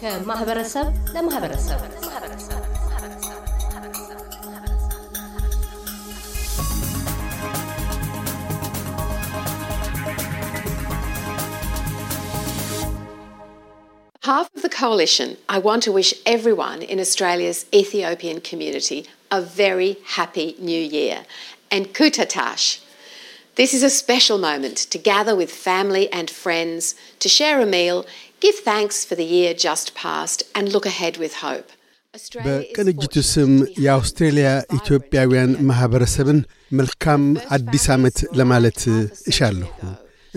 ከማህበረሰብ ለማህበረሰብ Half of the coalition, I want to wish everyone in Australia's Ethiopian community a very happy new year and Kutatash. This is a special moment to gather with family and friends, to share a meal, give thanks for the year just past, and look ahead with hope. በቅንጅቱ ስም የአውስትሬልያ ኢትዮጵያውያን ማኅበረሰብን መልካም አዲስ ዓመት ለማለት እሻለሁ።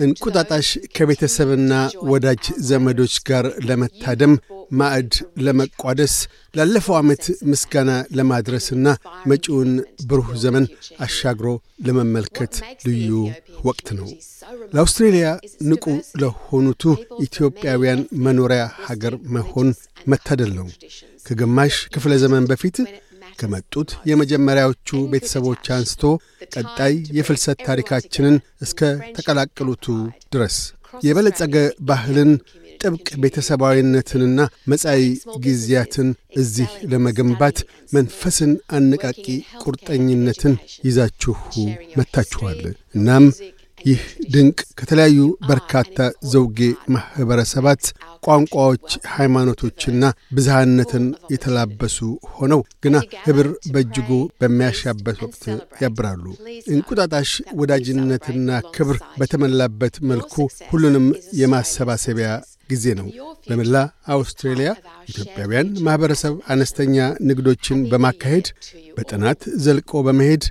እንቁጣጣሽ ከቤተሰብና ወዳጅ ዘመዶች ጋር ለመታደም ማዕድ ለመቋደስ ላለፈው ዓመት ምስጋና ለማድረስና መጪውን ብሩህ ዘመን አሻግሮ ለመመልከት ልዩ ወቅት ነው። ለአውስትሬልያ ንቁ ለሆኑቱ ኢትዮጵያውያን መኖሪያ ሀገር መሆን መታደል ነው። ከግማሽ ክፍለ ዘመን በፊት ከመጡት የመጀመሪያዎቹ ቤተሰቦች አንስቶ ቀጣይ የፍልሰት ታሪካችንን እስከ ተቀላቀሉቱ ድረስ የበለጸገ ባህልን ጥብቅ ቤተሰባዊነትንና መጻኢ ጊዜያትን እዚህ ለመገንባት መንፈስን አነቃቂ ቁርጠኝነትን ይዛችሁ መታችኋል። እናም ይህ ድንቅ ከተለያዩ በርካታ ዘውጌ ማኅበረሰባት፣ ቋንቋዎች፣ ሃይማኖቶችና ብዝሃነትን የተላበሱ ሆነው ግና ኅብር በእጅጉ በሚያሻበት ወቅት ያብራሉ። እንቁጣጣሽ ወዳጅነትና ክብር በተሞላበት መልኩ ሁሉንም የማሰባሰቢያ ጊዜ ነው። በመላ አውስትሬሊያ ኢትዮጵያውያን ማኅበረሰብ አነስተኛ ንግዶችን በማካሄድ በጥናት ዘልቆ በመሄድ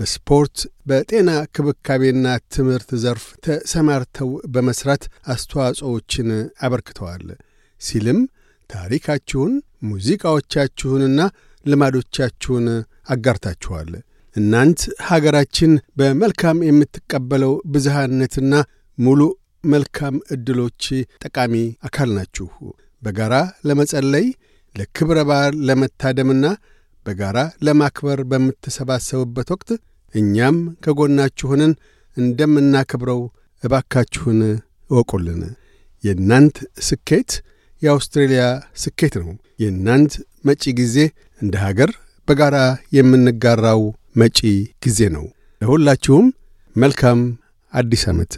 በስፖርት፣ በጤና ክብካቤና ትምህርት ዘርፍ ተሰማርተው በመስራት አስተዋጽኦዎችን አበርክተዋል ሲልም ታሪካችሁን፣ ሙዚቃዎቻችሁንና ልማዶቻችሁን አጋርታችኋል። እናንት ሀገራችን በመልካም የምትቀበለው ብዝሃነትና ሙሉ መልካም ዕድሎች ጠቃሚ አካል ናችሁ። በጋራ ለመጸለይ፣ ለክብረ በዓል ለመታደምና በጋራ ለማክበር በምትሰባሰቡበት ወቅት እኛም ከጎናችሁንን እንደምናከብረው እባካችሁን እወቁልን። የእናንት ስኬት የአውስትሬልያ ስኬት ነው። የእናንት መጪ ጊዜ እንደ ሀገር በጋራ የምንጋራው መጪ ጊዜ ነው። ለሁላችሁም መልካም አዲስ ዓመት።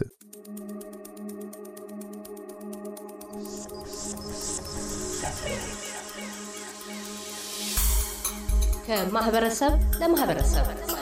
ከማህበረሰብ ለማህበረሰብ